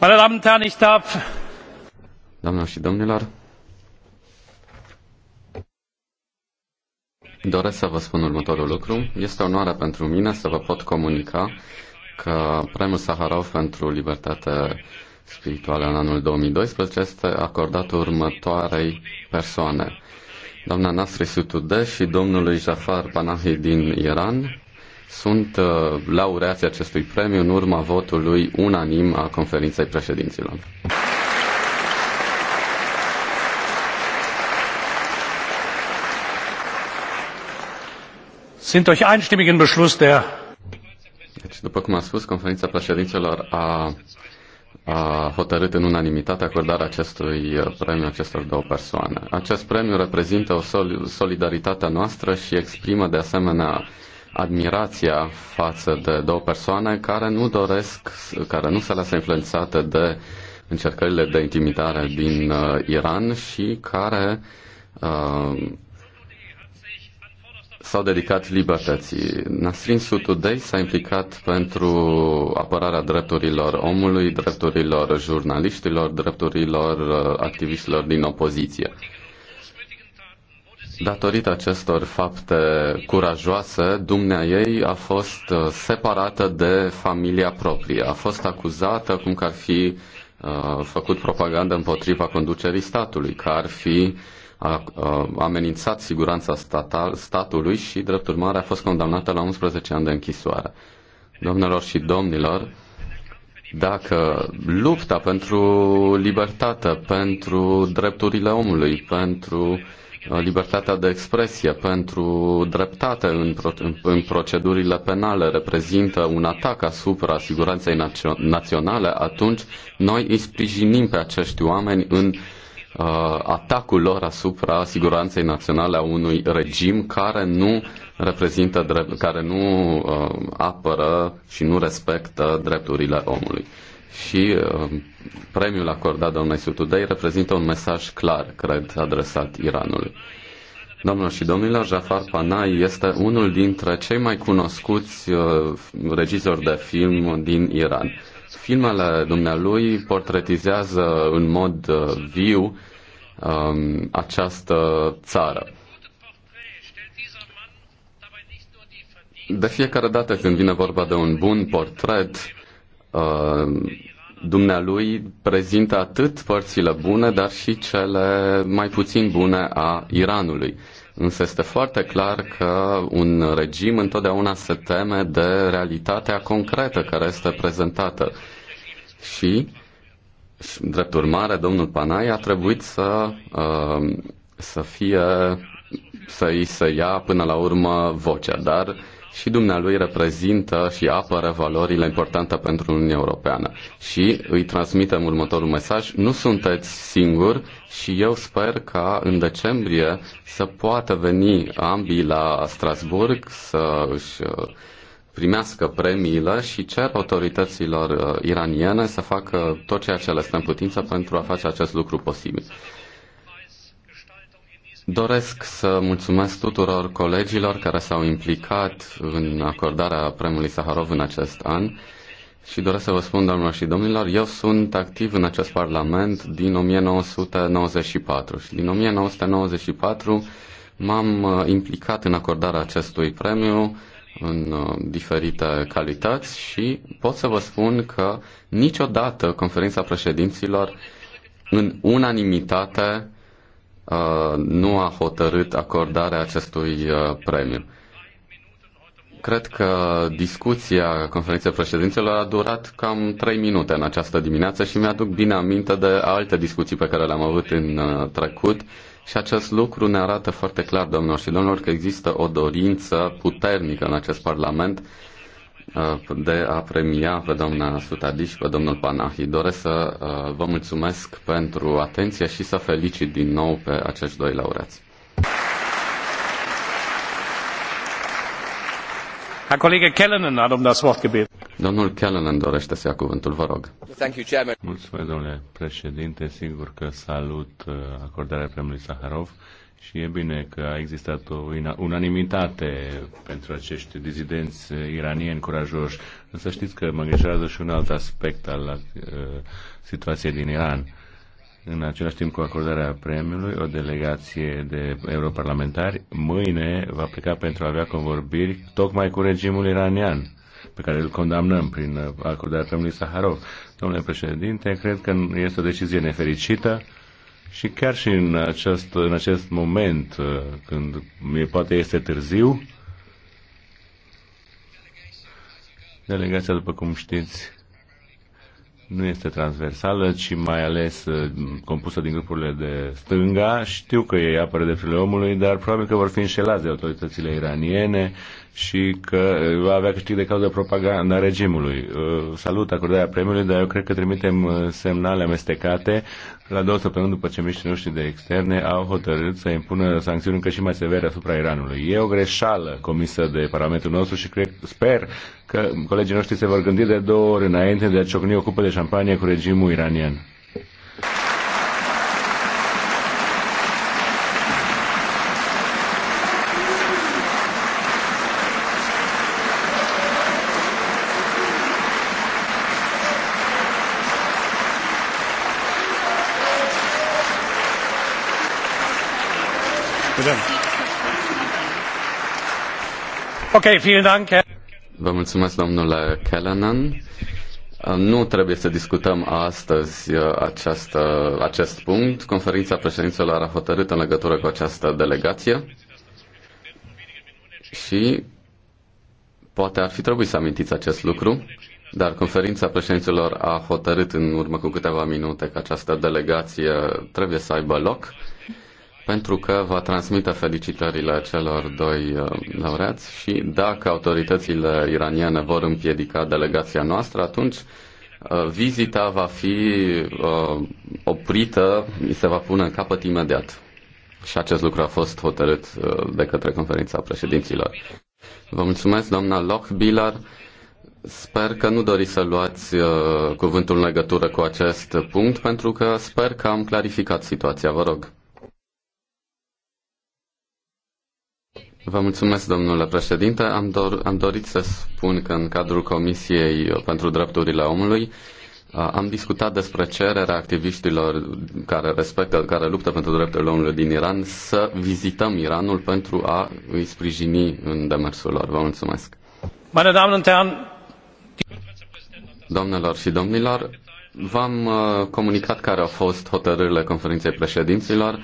Meine Damen und Herren, ich darf... Doamnelor și domnilor, doresc să vă spun următorul lucru. Este onoare pentru mine să vă pot comunica că premiul Saharov pentru libertate spirituală în anul 2012 este acordat următoarei persoane. Doamna Nasri Sutude și domnului Jafar Panahi din Iran, sunt uh, laureații acestui premiu în urma votului unanim a conferinței președinților. Sunt durch einstimmigen Beschluss der deci, după cum am spus, conferința președinților a, a hotărât în unanimitate acordarea acestui uh, premiu acestor două persoane. Acest premiu reprezintă o sol, solidaritatea noastră și exprimă de asemenea admirația față de două persoane care nu doresc, care nu se lasă influențate de încercările de intimidare din uh, Iran și care uh, s-au dedicat libertății. Nasrin Sutudei s-a implicat pentru apărarea drepturilor omului, drepturilor jurnaliștilor, drepturilor uh, activiștilor din opoziție. Datorită acestor fapte curajoase, dumnea ei a fost uh, separată de familia proprie. A fost acuzată cum că ar fi uh, făcut propagandă împotriva conducerii statului, că ar fi a, uh, amenințat siguranța statal, statului și, drept urmare, a fost condamnată la 11 ani de închisoare. Domnilor și domnilor, dacă lupta pentru libertate, pentru drepturile omului, pentru uh, libertatea de expresie, pentru dreptate în, pro- în procedurile penale reprezintă un atac asupra siguranței naționale, atunci noi îi sprijinim pe acești oameni în uh, Uh, atacul lor asupra siguranței naționale a unui regim care nu reprezintă drept, care nu uh, apără și nu respectă drepturile omului. Și uh, premiul acordat doamnei Sutudei reprezintă un mesaj clar, cred, adresat Iranului. Domnilor și domnilor, Jafar Panay este unul dintre cei mai cunoscuți uh, regizori de film din Iran Filmele dumnealui portretizează în mod uh, viu um, această țară. De fiecare dată când vine vorba de un bun portret, uh, dumnealui prezintă atât părțile bune, dar și cele mai puțin bune a Iranului. Însă este foarte clar că un regim întotdeauna se teme de realitatea concretă care este prezentată. Și, drept urmare, domnul Panai a trebuit să, uh, să fie, să-i se ia până la urmă vocea, dar și dumnealui reprezintă și apără valorile importante pentru Uniunea Europeană. Și îi transmitem următorul mesaj, nu sunteți singuri și eu sper ca în decembrie să poată veni ambii la Strasburg să își uh, primească premiile și cer autorităților uh, iraniene să facă tot ceea ce le stă în putință pentru a face acest lucru posibil. Doresc să mulțumesc tuturor colegilor care s-au implicat în acordarea premiului Saharov în acest an și doresc să vă spun, doamnelor și domnilor, eu sunt activ în acest Parlament din 1994 și din 1994 m-am uh, implicat în acordarea acestui premiu în uh, diferite calități și pot să vă spun că niciodată conferința președinților în unanimitate Uh, nu a hotărât acordarea acestui uh, premiu. Cred că discuția conferinței președinților a durat cam 3 minute în această dimineață și mi-aduc bine aminte de alte discuții pe care le-am avut în uh, trecut și acest lucru ne arată foarte clar, domnilor și domnilor, că există o dorință puternică în acest Parlament Uh, de a premia pe doamna Sutadi și pe domnul Panahi. Doresc să uh, vă mulțumesc pentru atenție și să felicit din nou pe acești doi laureați. Herr Kollege Kellenen hat um das Wort gebeten. Domnul Kellenen dorește să ia cuvântul, vă rog. Mulțumesc, domnule președinte. Sigur că salut uh, acordarea premiului Saharov și e bine că a existat o unanimitate pentru acești dizidenți iranieni curajoși. Însă știți că mă îngrijorează și un alt aspect al uh, situației din Iran. În același timp cu acordarea premiului, o delegație de europarlamentari mâine va pleca pentru a avea convorbiri tocmai cu regimul iranian pe care îl condamnăm prin acordarea premiului Saharov. Domnule președinte, cred că este o decizie nefericită și chiar și în, acest, în acest moment, uh, când poate este târziu, delegația, după cum știți, nu este transversală, ci mai ales uh, compusă din grupurile de stânga. Știu că ei apără drepturile omului, dar probabil că vor fi înșelați de autoritățile iraniene și că va avea câștig de cauză propaganda regimului. Uh, salut acordarea premiului, dar eu cred că trimitem uh, semnale amestecate la două săptămâni după ce miștii noștri de externe au hotărât să impună sancțiuni încă și mai severe asupra Iranului. E o greșeală comisă de Parlamentul nostru și cred, sper că colegii noștri se vor gândi de două ori înainte de a ciocni o cupă de șampanie cu regimul iranian. Vă mulțumesc, domnule Callanan. Nu trebuie să discutăm astăzi uh, această, acest punct. Conferința președinților a hotărât în legătură cu această delegație și poate ar fi trebuit să amintiți acest lucru, dar conferința președinților a hotărât în urmă cu câteva minute că această delegație trebuie să aibă loc pentru că va transmite felicitările celor doi uh, laureați și dacă autoritățile iraniene vor împiedica delegația noastră, atunci uh, vizita va fi uh, oprită, se va pune în capăt imediat. Și acest lucru a fost hotărât de către conferința președinților. Vă mulțumesc, doamna Lochbilar. Sper că nu doriți să luați uh, cuvântul în legătură cu acest punct, pentru că sper că am clarificat situația. Vă rog. Vă mulțumesc, domnule președinte. Am, dor- am dorit să spun că în cadrul Comisiei pentru Drepturile Omului am discutat despre cererea activiștilor care respectă, care luptă pentru drepturile omului din Iran să vizităm Iranul pentru a îi sprijini în demersul lor. Vă mulțumesc. Domnilor Doamnelor și domnilor, v-am uh, comunicat care au fost hotărârile conferinței președinților.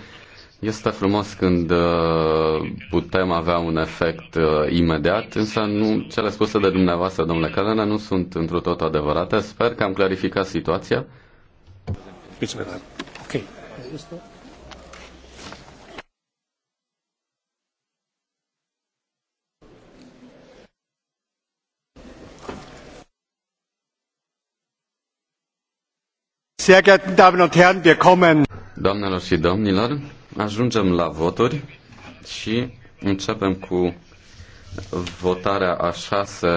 Este frumos când uh, putem avea un efect uh, imediat, însă nu, cele spuse de dumneavoastră, domnule Calena, nu sunt într o tot adevărate. Sper că am clarificat situația. Ok. Sehr geehrten Damen und Herren, wir kommen. Doamnelor și domnilor, Ajungem la voturi și începem cu votarea a șase